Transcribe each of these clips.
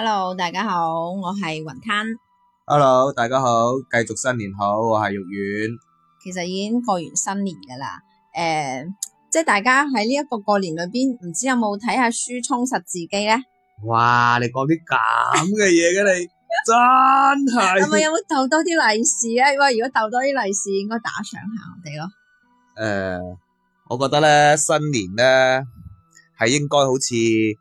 Hello，大家好，我係雲吞。Hello，大家好，繼續新年好，我係玉丸。其實已經過完新年噶啦，誒、呃，即係大家喺呢一個過年裏邊，唔知有冇睇下書充實自己咧？哇，你講啲咁嘅嘢嘅你，真係係咪有冇逗多啲利是啊？喂，如果逗多啲利是，應該打賞下我哋咯。誒、呃，我覺得咧新年咧係應該好似。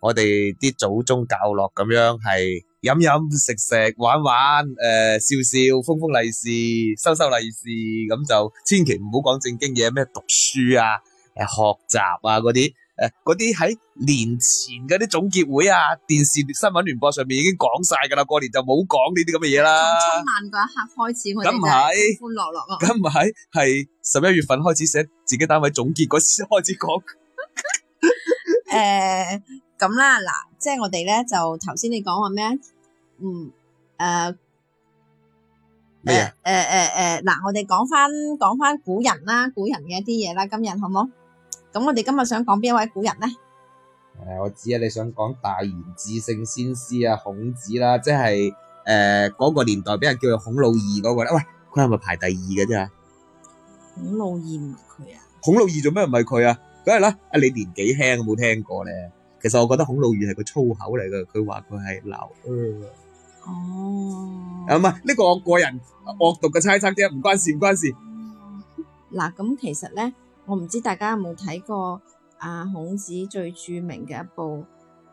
我哋啲祖宗教落咁樣，係飲飲食食玩玩，誒、呃、笑笑，封封利是收收利是，咁就千祈唔好講正經嘢，咩讀書啊，誒學習啊嗰啲，誒嗰啲喺年前嗰啲總結會啊，電視新聞聯播上面已經講晒噶啦，過年就冇講呢啲咁嘅嘢啦。春晚嗰一刻開始，我哋就歡樂樂咯。咁唔係，係十一月份開始寫自己單位總結嗰時開始講。誒。咁啦，嗱，即係我哋咧，就頭先你講話咩？嗯，誒咩？誒誒誒，嗱，我哋講翻講翻古人啦，古人嘅一啲嘢啦。今日好冇？咁我哋今日想講邊一位古人咧？誒，我知啊，你想講大成至聖先師啊，孔子啦，即係誒嗰個年代俾人叫做孔老二嗰個咧。喂，佢係咪排第二嘅啫？孔老二唔係佢啊？孔老二做咩唔係佢啊？梗係啦，啊，你年紀輕冇聽過咧？其實我覺得孔老二係個粗口嚟嘅，佢話佢係鬧。哦，啊唔係呢個我個人惡毒嘅猜測啫，唔關事，唔關事。嗱，咁其實咧，我唔知大家有冇睇過阿孔子最著名嘅一部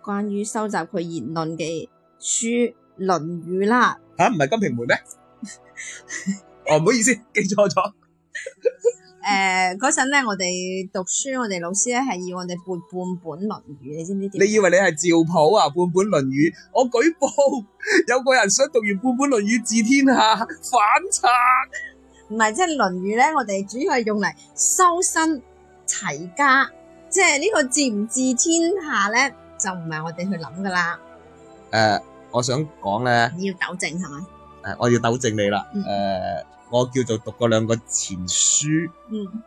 關於收集佢言論嘅書《論語》啦。吓？唔係《金瓶梅》咩？哦，唔好意思，記錯咗。誒，嗰陣咧，我哋讀書，我哋老師咧係要我哋背半本論語，你知唔知點？你以為你係趙普啊？半本論語，我舉報有個人想讀完半本論語治天下，反賊！唔係，即係論語咧，我哋主要係用嚟修身齊家，即係呢個治唔治天下咧，就唔係我哋去諗噶啦。誒、呃，我想講咧，你要糾正係咪？誒、呃，我要糾正你啦，誒、嗯。呃我叫做讀過兩個前書，誒、嗯，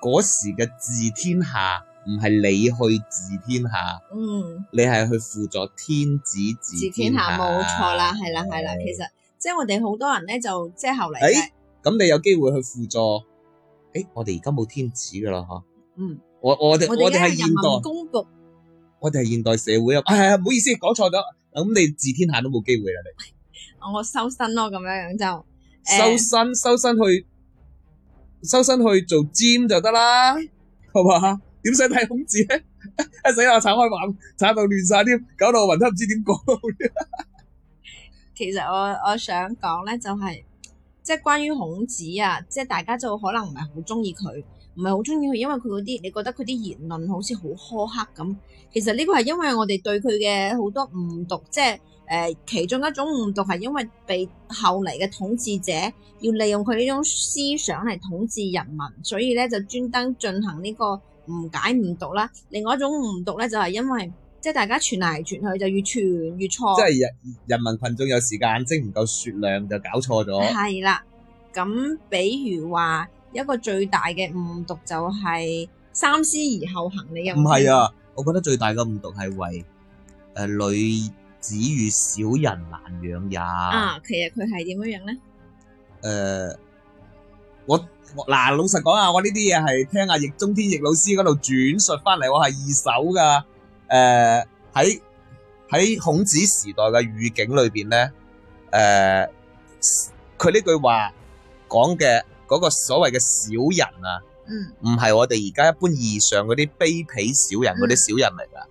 嗰、呃、時嘅治天下唔係你去治天下，嗯、你係去輔助天子治天下，冇錯啦，係啦係、嗯、啦，其實即係我哋好多人咧就即係後嚟，咁、欸、你有機會去輔助？誒、欸，我哋而家冇天子噶啦吓，嗯，我我哋我哋係現代，我哋係現，現代社會啊，係、哎、啊，唔好意思，講錯咗，咁你治天下都冇機會啦，你我修身咯，咁樣樣就。修身修身去，修身去做 gym 就得啦，好嘛？點使睇孔子咧？一 死我炒開玩，炒到亂晒添，搞到我雲都唔知點講、 就是。其實我我想講咧，就係即係關於孔子啊，即係大家就可能唔係好中意佢，唔係好中意佢，因為佢嗰啲你覺得佢啲言論好似好苛刻咁。其實呢個係因為我哋對佢嘅好多誤讀，即係。誒其中一種誤讀係因為被後嚟嘅統治者要利用佢呢種思想嚟統治人民，所以咧就專登進行呢個誤解誤讀啦。另外一種誤讀咧就係因為即係大家傳嚟傳去就越傳越錯，即係人人民群眾有時間眼睛唔夠雪亮就搞錯咗。係啦，咁比如話一個最大嘅誤讀就係三思而後行，你又唔係啊？我覺得最大嘅誤讀係為誒、呃、女。子與小人難養也啊！其實佢係點樣樣咧？誒、呃，我嗱、呃、老實講啊，我呢啲嘢係聽阿易中天易老師嗰度轉述翻嚟，我係二手噶。誒、呃，喺喺孔子時代嘅語境裏邊咧，誒、呃，佢呢句話講嘅嗰個所謂嘅小人啊，嗯，唔係我哋而家一般意義上嗰啲卑鄙小人嗰啲小人嚟噶。嗯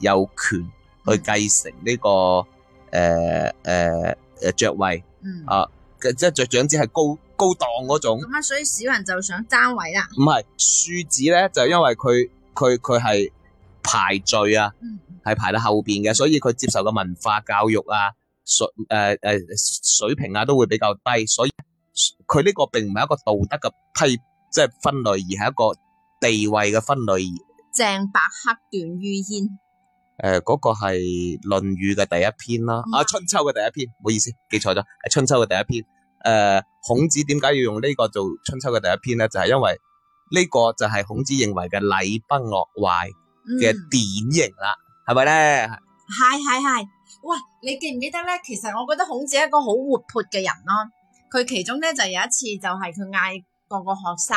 有權去繼承呢、這個誒誒誒爵位、嗯、啊，即係爵長子係高高檔嗰種咁啊、嗯，所以小人就想爭位啦。唔係庶子咧，就因為佢佢佢係排序啊，係、嗯、排到後邊嘅，所以佢接受嘅文化教育啊、水誒誒、呃、水平啊，都會比較低。所以佢呢個並唔係一個道德嘅批，即係分類，而係一個地位嘅分類。鄭伯克段于鄢。誒，嗰、呃那個係《論語》嘅第一篇啦，嗯、啊《春秋》嘅第一篇，唔好意思，記錯咗，係《春秋》嘅第一篇。誒、呃，孔子點解要用呢個做《春秋》嘅第一篇咧？就係、是、因為呢個就係孔子認為嘅禮崩樂壞嘅典型啦，係咪咧？係係係，喂，你記唔記得咧？其實我覺得孔子係一個好活潑嘅人咯、啊，佢其中咧就有一次就係佢嗌各個學生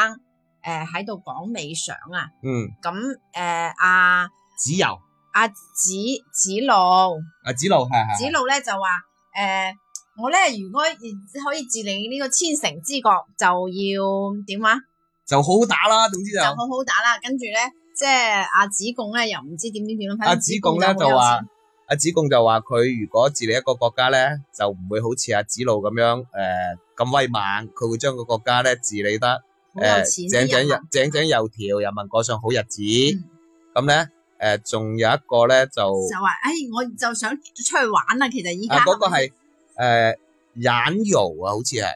誒喺度講理想啊，嗯，咁誒阿子游。呃啊阿、啊、子子路，阿子路係係，子路咧就話，誒、呃，我咧如果可以治理呢個千乘之國，就要點啊，啊、就好好打啦，總之就就好好打啦。跟住咧，即係阿子貢咧，又唔知點點點，反正阿子貢咧就話，阿、啊、子貢就話佢、啊、如果治理一個國家咧，就唔會好似阿、啊、子路咁樣，誒、呃，咁威猛，佢會將個國家咧治理得，誒，井井井井有條，人民過上好日子，咁咧、嗯。嗯誒，仲有一個咧就就話，誒，我就想出去玩啦。其實依家嗰個係誒冉由啊，好似係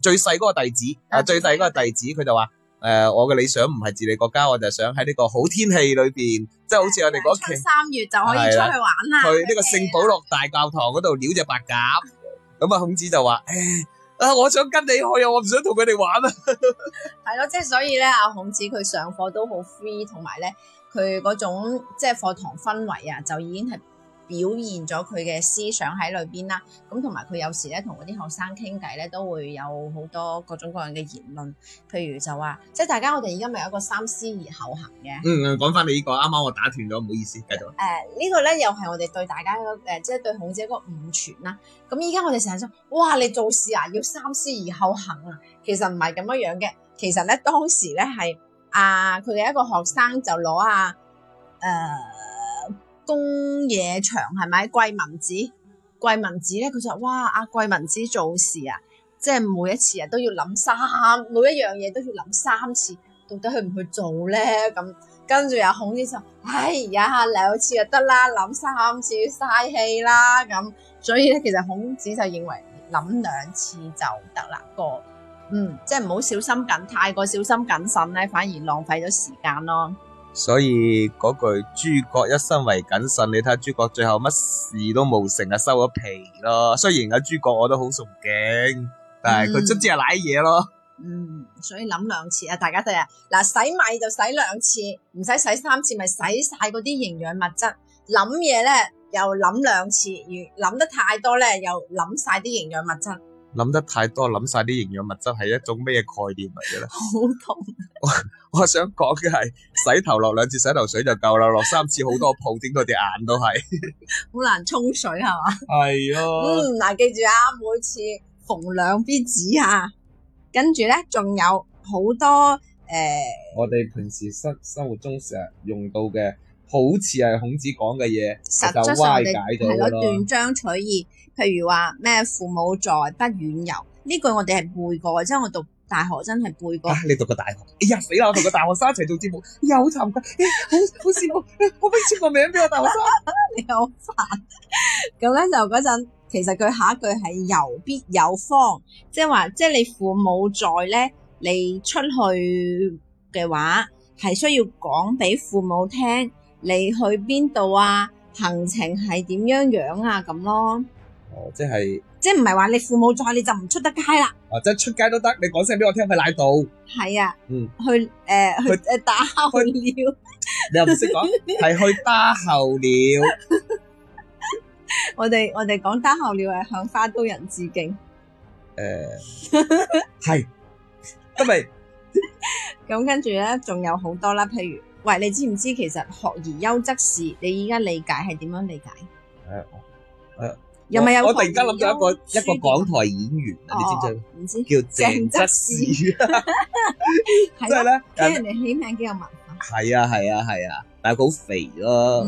最細嗰個弟子啊，最細嗰個弟子，佢、嗯、就話誒、呃，我嘅理想唔係治理國家，我就想喺呢個好天氣裏邊，即係好似我哋嗰期三月就可以出去玩啦。去呢個聖保羅大教堂嗰度撩隻白鴿。咁啊、嗯，嗯、孔子就話誒、 就是、啊、啊、啊，我想跟你去啊， 啊、啊，我唔想同佢哋玩 啊。係、就、咯、是，即係所以咧，阿孔子佢上課都好 free，同埋咧。啊啊佢嗰種即係課堂氛圍啊，就已經係表現咗佢嘅思想喺裏邊啦。咁同埋佢有時咧同嗰啲學生傾偈咧，都會有好多各種各樣嘅言論。譬如就話，即係大家我哋而家咪有一個三思而後行嘅。嗯嗯，講翻你呢個，啱啱我打斷咗，唔好意思，繼續。誒呢個咧又係我哋對大家誒，即係對孔子嗰個誤傳啦。咁依家我哋成日講，哇！你做事啊要三思而後行啊，其實唔係咁樣樣嘅。其實咧當時咧係。.啊！佢嘅一個學生就攞下誒，公冶長係咪？季文子，季文子咧，佢就話：，哇！阿、啊、季文子做事啊，即係每一次人、啊、都要諗三，每一樣嘢都要諗三次，到底去唔去做咧？咁跟住又、啊、孔子就：，哎呀，兩次就得啦，諗三次要嘥氣啦。咁所以咧，其實孔子就認為諗兩次就得啦個。嗯，即係唔好小心緊，太過小心謹慎咧，反而浪費咗時間咯。所以嗰句諸葛一生為謹慎，你睇下諸葛最後乜事都冇成啊，收咗皮咯。雖然阿諸葛我都好崇敬，但係佢卒之係舐嘢咯嗯。嗯，所以諗兩次啊，大家都係嗱，洗米就洗兩次，唔使洗三次咪洗晒嗰啲營養物質。諗嘢咧又諗兩次，如諗得太多咧又諗晒啲營養物質。諗得太多，諗晒啲營養物質係一種咩概念嚟嘅咧？好痛、啊 我！我想講嘅係，洗頭落兩次洗頭水就夠啦，落三次好多泡，整到隻眼都係。好難沖水係嘛？係是啊。嗯，嗱，記住啊，每次逢兩邊紙啊，跟住咧仲有好多誒。欸、我哋平時生生活中成日用到嘅。好似係孔子講嘅嘢，實質上係攞斷章取義。譬如話咩父母在，不遠遊呢、啊、句，我哋係背過嘅。即係我讀大學真係背過。你讀過大學？哎呀死啦！我同個大學生一齊做節目， 又慘嘅、欸，好好笑。好好寵寵我我俾簽個名俾我大學生， 你好煩。咁咧就嗰陣，其實佢下一句係遊必有方，即係話即係你父母在咧，你出去嘅話係需要講俾父母聽。你去邊度啊？行程係點樣樣啊？咁咯，哦，即係即係唔係話你父母在你就唔出得街啦？或者出街都得，你講聲俾我聽去奶度，係啊，嗯，去誒去誒打候鳥，你又唔識講，係去打候鳥，我哋我哋講打候鳥係向花都人致敬，誒、呃，係，得、就、未、是？咁 跟住咧，仲有好多啦，譬如。喂，你知唔知其實學而優則仕？你依家理解係點樣理解？誒誒，又咪有我？突然間諗到一個一個港台演員，你知唔知？唔知叫鄭則仕，即係咧俾人哋起名幾有文化。係啊係啊係啊，但係佢好肥咯。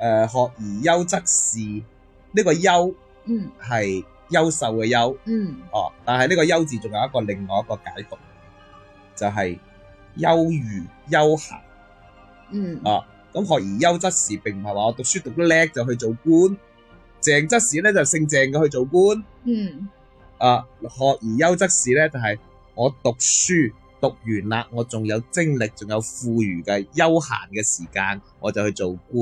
誒，學而優則仕呢個優，嗯，係優秀嘅優，嗯哦。但係呢個優字仲有一個另外一個解讀，就係優裕悠閒。嗯啊，咁學而優則仕並唔係話我讀書讀得叻就去做官，鄭則仕咧就姓鄭嘅去做官。嗯，啊，學而優則仕咧就係我讀書讀完啦，我仲有精力，仲有富餘嘅休閒嘅時間，我就去做官。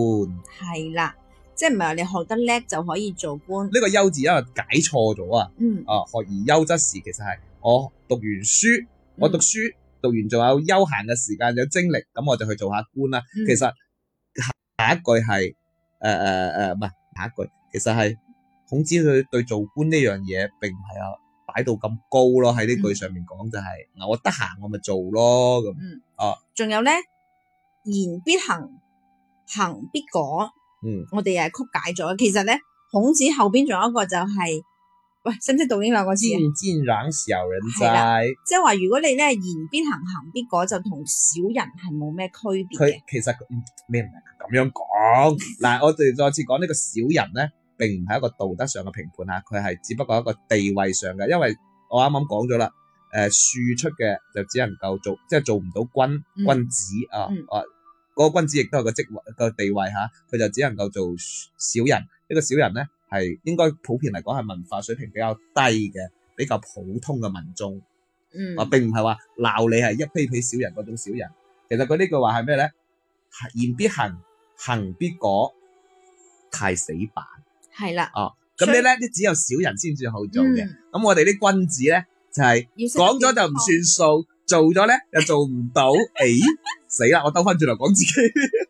係啦，即係唔係話你學得叻就可以做官。呢個優字因為解錯咗啊。嗯。啊，學而優則仕其實係我讀完書，我讀書。嗯讀完仲有休閒嘅時間，有精力咁我就去做下官啦。其實下一句係誒誒誒，唔係下一句，其實係孔子佢對做官呢樣嘢並唔係啊擺到咁高咯。喺呢句上面講就係嗱，我得閒我咪做咯咁。嗯，哦，仲有咧，言必行，行必果。嗯，我哋又係曲解咗。其實咧，孔子後邊仲有一個就係。喂，識唔識讀呢兩個字啊？先見小人仔，即係話如果你咧言必行，行必果，就同小人係冇咩區別。佢其實咩唔明咁樣講？嗱， 我哋再次講呢、這個小人咧，並唔係一個道德上嘅評判吓，佢係只不過一個地位上嘅。因為我啱啱講咗啦，誒、呃，庶出嘅就只能夠做，即係做唔到君、嗯、君子啊啊！嗰、嗯啊那個君子亦都係個職位個地位吓，佢就只能夠做小人。呢、這個小人咧。這個係應該普遍嚟講係文化水平比較低嘅，比較普通嘅民眾，嗯，啊，並唔係話鬧你係一批批小人嗰種小人，其實佢呢句話係咩咧？言必行，行必果，太死板，係啦的，啊、哦，咁你咧，呢以只有小人先至好做嘅。咁、嗯、我哋啲君子咧就係講咗就唔算數，做咗咧又做唔到，誒、 欸，死啦，我兜翻轉頭講自己。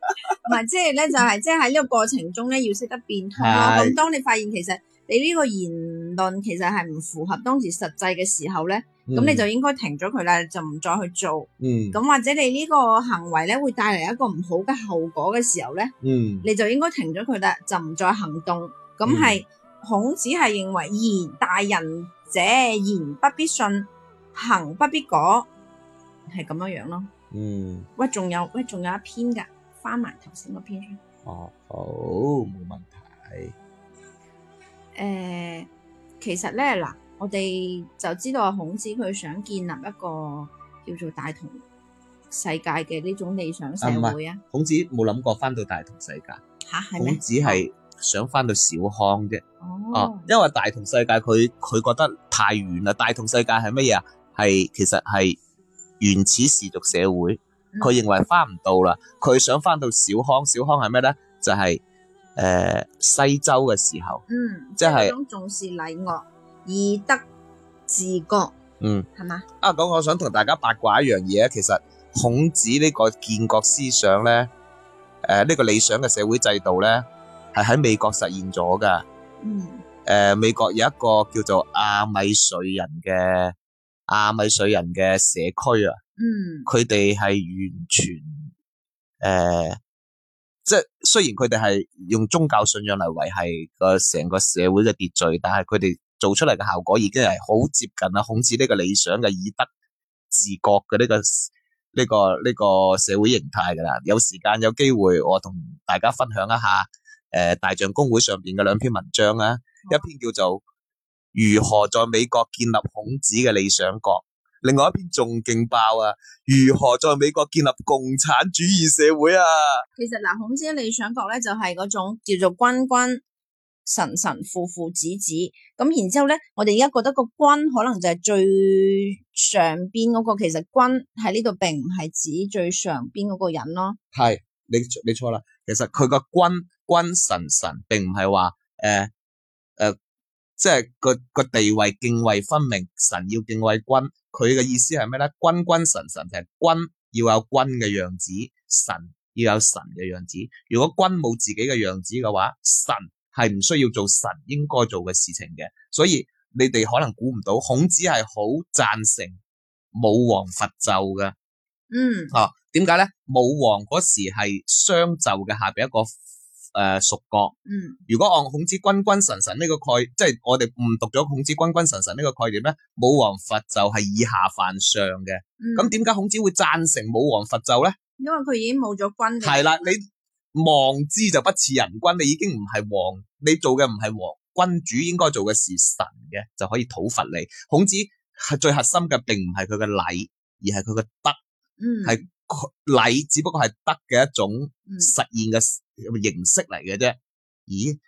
唔係，即係咧，就係即係喺呢個過程中咧，要識得變通咯。咁的當你發現其實你呢個言論其實係唔符合當時實際嘅時候咧，咁、嗯、你就應該停咗佢啦，就唔再去做。嗯，咁或者你呢個行為咧會帶嚟一個唔好嘅後果嘅時候咧，嗯，你就應該停咗佢啦，就唔再行動。咁係、嗯、孔子係認為言大人者言不必信，行不必果，係咁樣樣咯。嗯，喂，仲有喂，仲有一篇噶。翻埋頭先嗰篇哦。哦，好，冇問題。誒、欸，其實咧嗱，我哋就知道孔子佢想建立一個叫做大同世界嘅呢種理想社會啊。孔子冇諗過翻到大同世界，吓係？孔子係想翻到小康啫。哦、啊，因為大同世界佢佢覺得太遠啦。大同世界係乜嘢啊？係其實係原始氏族社會。佢認為翻唔到啦，佢想翻到小康。小康係咩咧？就係、是、誒、呃、西周嘅時候，即係重視禮樂，以德治國，嗯，係嘛？啊，咁我想同大家八卦一樣嘢，其實孔子呢個建國思想咧，誒、呃、呢、呢個理想嘅社會制度咧，係喺美國實現咗噶。嗯，誒、呃、美國有一個叫做阿米水人嘅阿米水人嘅社區啊。嗯，佢哋係完全誒、呃，即係雖然佢哋係用宗教信仰嚟維繫個成個社會嘅秩序，但係佢哋做出嚟嘅效果已經係好接近啊孔子呢個理想嘅以德治國嘅呢、這個呢、這個呢、這個社會形態噶啦。有時間有機會，我同大家分享一下誒、呃、大象公會上邊嘅兩篇文章啊，嗯、一篇叫做《如何在美國建立孔子嘅理想國》。另外一邊仲勁爆啊！如何在美國建立共產主義社會啊？其實嗱，孔子理想國咧就係、是、嗰種叫做君君、臣臣、父父、子子。咁然之後咧，我哋而家覺得個君可能就係最上邊嗰、那個，其實君喺呢度並唔係指最上邊嗰個人咯。係你你錯啦，其實佢個君君臣臣並唔係話誒。呃即係個個地位敬畏分明，臣要敬畏君。佢嘅意思係咩咧？君君臣臣，就係君要有君嘅樣子，臣要有臣嘅樣子。如果君冇自己嘅樣子嘅話，臣係唔需要做臣應該做嘅事情嘅。所以你哋可能估唔到，孔子係好贊成武王伐紂嘅。嗯，啊，點解咧？武王嗰時係商紂嘅下邊一個。誒、蜀、呃、國。嗯，如果按孔子君君臣臣呢個概念，即係我哋誤讀咗孔子君君臣臣呢個概念咧，武王伐紂係以下犯上嘅。咁點解孔子會贊成武王伐紂咧？因為佢已經冇咗君。係啦，你望之就不似人君，你已經唔係王，你做嘅唔係王君主應該做嘅事，臣嘅就可以討伐你。孔子係最核心嘅，並唔係佢嘅禮，而係佢嘅德。嗯，係禮只不過係德嘅一種實現嘅、嗯。形式嚟嘅啫，咦？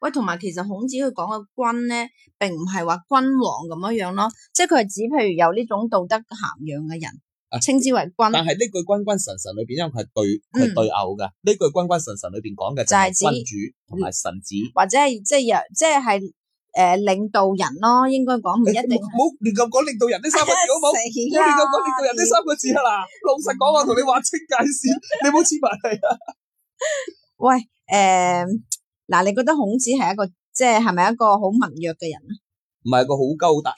喂，同埋其實孔子佢講嘅君咧，並唔係話君王咁樣樣咯，即係佢係指譬如有呢種道德涵養嘅人啊，稱之為君。但係呢句君君臣臣裏邊，因為佢係對係對偶嘅，呢句君君臣臣裏邊講嘅就係君主同埋臣子，或者係即係又即係誒領導人咯，應該講唔一定。唔好亂咁講領導人呢三個字好冇？亂咁講領導人呢三個字啊嗱，老實講話同你話清界線，你唔好黐埋嚟啊！喂，誒，嗱，你覺得孔子係一個即係係咪一個好文弱嘅人，欸，啊？唔係一個好鳩好打，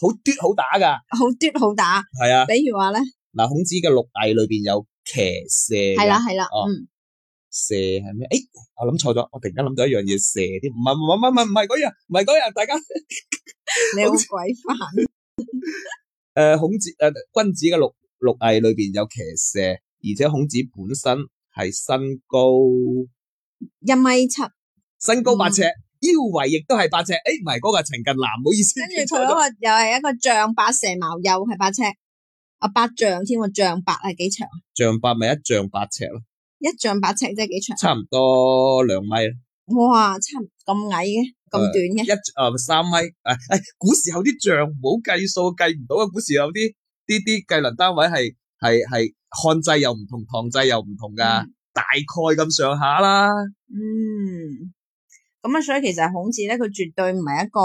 好咄好打噶。好咄好打，係啊。比如話咧，嗱，哦，孔子嘅六藝裏邊有騎射。係啦係啦，嗯，射係咩？誒，我諗錯咗，我突然間諗到一樣嘢，射添，唔係唔係唔係唔係嗰樣，唔係嗰樣，大家，大家 你好鬼煩。誒， 孔子誒，呃，君子嘅六六藝裏邊有騎射，而且孔子本身。係身高一米七，身高八尺，腰圍亦都係八尺。誒、哎，唔係嗰個陳近南，唔好意思。跟住佢嗰個又係一個丈八蛇矛，又係、啊、八,八,八尺。啊，八丈添喎，丈八係幾長？丈八咪一丈八尺咯。一丈八尺即係幾長？差唔多兩米。哇，差咁矮嘅，咁、嗯、短嘅。一啊三米。誒、哎、誒，古時候啲丈冇計數，計唔到嘅。古時候啲啲啲計量單位係係係。漢制又唔同，唐制又唔同㗎，嗯、大概咁上下啦。嗯，咁啊，所以其實孔子咧，佢絕對唔係一個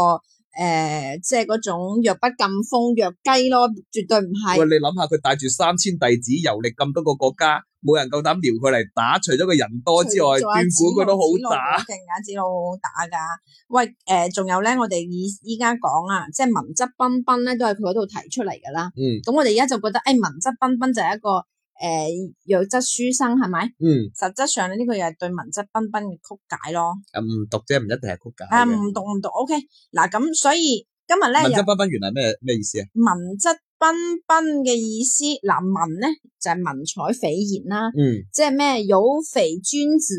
誒，即係嗰種弱不禁風弱雞咯，絕對唔係。喂、呃，你諗下，佢帶住三千弟子遊歷咁多個國家，冇人夠膽撩佢嚟打，除咗佢人多之外，斷估佢都好打。勁，啊，子路好好打㗎。喂，誒、呃，仲有咧，我哋依依家講啊，即係文質彬彬咧，都係佢嗰度提出嚟㗎啦。嗯。咁我哋而家就覺得，誒，文質彬彬就係一個。誒，弱質、呃、書生係咪？是是嗯，實質上呢呢個又係對文質彬彬嘅曲解咯。咁唔、嗯、讀啫，唔一定係曲解啊、OK。啊，唔讀唔讀，OK。嗱咁，所以今日咧，文質彬彬原嚟咩咩意思？嗯嗯、質彬彬意思啊？文質彬彬嘅意思，嗱、就是、文咧就係文采斐然啦。嗯。即係咩有斐君子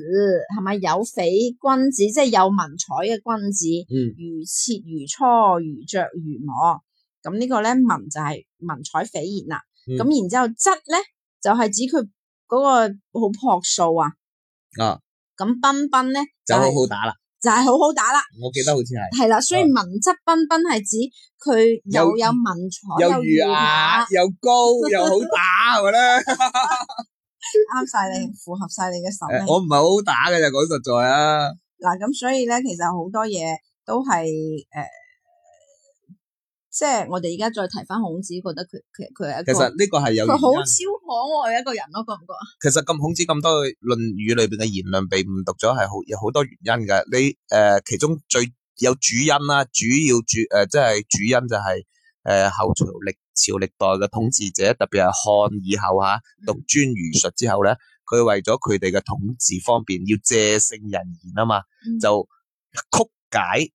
係咪？有斐君子即係有文采嘅君子。嗯、如切如磋，如琢如磨。咁呢個咧文就係文采斐然啦。咁然之後質咧。就係指佢嗰個好樸素啊！啊，咁彬彬咧就好好打啦，就係好好打啦。我記得好似係係啦，所以文質彬彬係指佢又有文采，又儒雅，又高又好打，係咪咧？啱晒你，符合晒你嘅手。我唔係好打嘅就講實在啊。嗱咁所以咧，其實好多嘢都係誒。即係，我哋而家再提翻孔子，覺得佢佢佢係一個，其實呢個係有原因。佢好超可愛一個人咯，那個、覺唔覺啊？其實咁孔子咁多《論語》裏邊嘅言論被誤讀咗，係好有好多原因嘅。你誒、呃，其中最有主因啦，主要主誒、呃，即係主因就係、是、誒、呃、後朝歷朝歷代嘅統治者，特別係漢以後吓，獨尊儒術之後咧，佢為咗佢哋嘅統治方便，要借聖人言啊嘛，就曲解誤。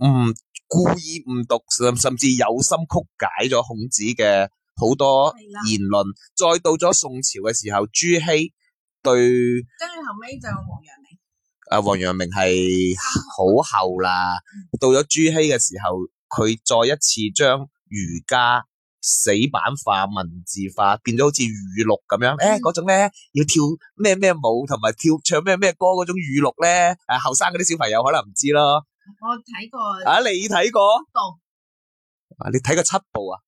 嗯故意誤讀，甚甚至有心曲解咗孔子嘅好多言論。的再到咗宋朝嘅時候，朱熹對跟住後尾就王陽明。啊，王陽明係好後啦。到咗朱熹嘅時候，佢再一次將儒家死板化、文字化，變咗好似語錄咁樣。誒、哎，嗰、嗯、種咧要跳咩咩舞，同埋跳唱咩咩歌嗰種語錄咧。誒、啊，後生嗰啲小朋友可能唔知咯。我睇過，啊，你睇過？部步、啊，你睇過七部啊？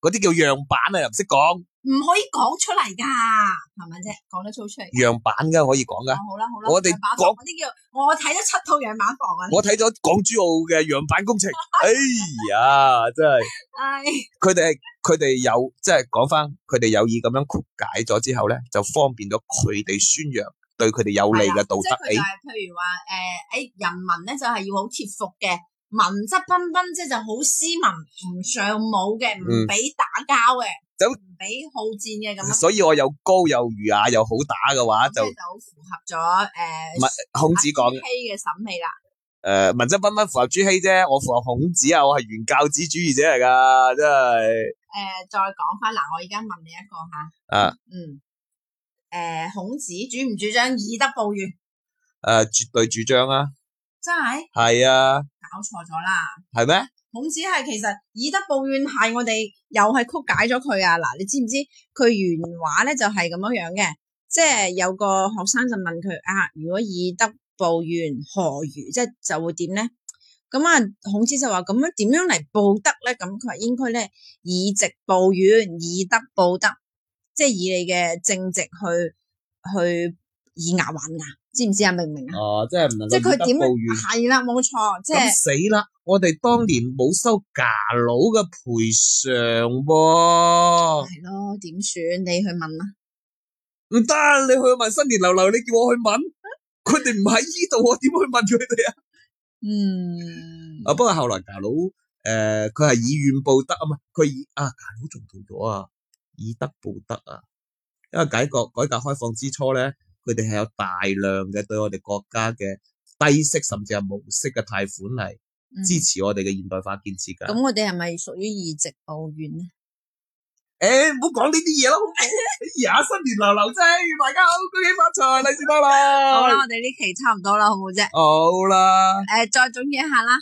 嗰啲叫樣板啊，又唔識講，唔可以講出嚟噶，係咪啫？講得出出嚟，樣板噶可以講噶、啊，好啦好啦，我哋講嗰啲叫，我睇咗七套樣板房啊，我睇咗港珠澳嘅樣板工程， 哎呀，真係，唉、 哎，佢哋佢哋有即係講翻，佢哋有意咁樣曲解咗之後咧，就方便咗佢哋宣揚。對佢哋有利嘅道德，譬如話誒，誒，人民咧就係要好貼服嘅，文質彬彬，即係就好斯文，唔上武嘅，唔俾打交嘅，就唔俾好戰嘅咁樣。所以我又高又儒雅又好打嘅話，就好符合咗誒，孔子講嘅。朱熹嘅審美啦，誒，文質彬彬符合朱熹啫，我符合孔子啊，我係原教旨主義者嚟噶，真係。誒，再講翻嗱，我而家問你一個吓。啊。嗯。誒、呃，孔子主唔主張以德報怨？誒、啊，絕對主張啊！真係是？係啊！搞錯咗啦？係咩嗎？孔子係其實以德報怨係我哋又係曲解咗佢啊！嗱，你知唔知佢原話咧就係、是、咁樣樣嘅？即係有個學生就問佢啊，如果以德報怨何如？即、就、係、是、就會點咧？咁、嗯、啊，孔子就話咁樣點樣嚟報德咧？咁佢話應該咧以直報怨，以德報德。即係以你嘅正直去去以牙還牙、啊，知唔知啊？明唔明啊？哦，即係唔明。即係佢點？係啦、啊，冇錯。即、就、係、是、死啦！我哋當年冇收假佬嘅賠償噃。係咯、嗯？點算？你去問啦。唔得，你去問新年流流，你叫我去問，佢哋唔喺呢度， 我點去問佢哋啊？嗯。啊，不過後來假佬誒，佢係以怨報德啊嘛，佢以啊假佬仲做咗啊。啊啊以德報德啊！因為改革、改革開放之初咧，佢哋係有大量嘅對我哋國家嘅低息甚至係無息嘅貸款嚟支持我哋嘅現代化建設噶。咁我哋係咪屬於以直報怨咧？誒、欸，唔好講呢啲嘢咯。呀， 新年流流聲，大家好，恭喜發財，你食包啦。好啦，我哋呢期差唔多啦，好唔好啫？好啦。誒，再總結一下啦。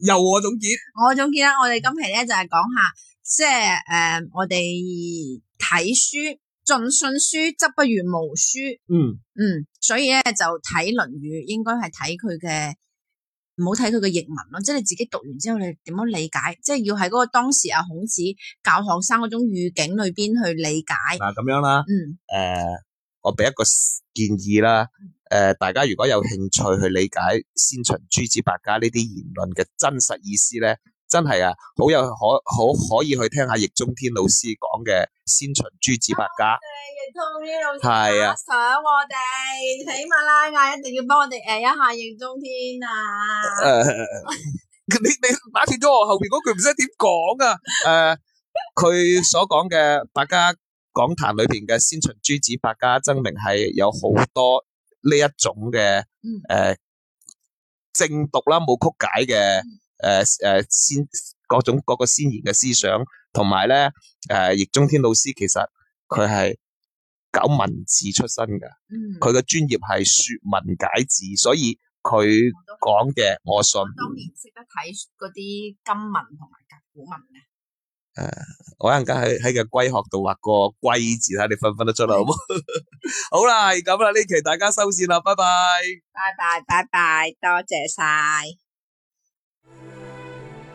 由我總結。我總結啦，我哋今期咧就係講下。即係誒、呃，我哋睇書，盡信書則不如無書。嗯嗯，所以咧就睇《論語》應該，應該係睇佢嘅，唔好睇佢嘅譯文咯。即係你自己讀完之後，你點樣理解？即係要喺嗰個當時阿孔子教學生嗰種語境裏邊去理解。嗱，咁樣啦。嗯。誒、嗯呃，我俾一個建議啦。誒、呃，大家如果有興趣去理解、嗯、 去理解先秦諸子百家呢啲言論嘅真實，真實意思咧。真係啊，好有可好可以去聽下易中天老師講嘅先秦諸子百家。易中天老師。係啊，想我哋喜馬拉雅一定要幫我哋誒一下易中天啊。誒，你你打斷咗我後邊嗰句唔識點講啊？誒，佢所講嘅百家講壇裏邊嘅先秦諸子百家爭鳴係有好多呢一種嘅誒正讀啦，冇曲解嘅。誒誒、呃，先各種各個先賢嘅思想，同埋咧，誒、呃、易中天老師其實佢係搞文字出身噶，佢嘅、嗯、專業係說文解字，所以佢講嘅我，我信。當然識得睇嗰啲金文同埋甲骨文嘅。誒、呃，我而家喺喺個龜殼度畫個龜字，睇你分分得出嚟的好冇不？ 好啦，咁啦，呢期大家收線啦，拜拜，拜拜。拜拜拜拜，多謝晒。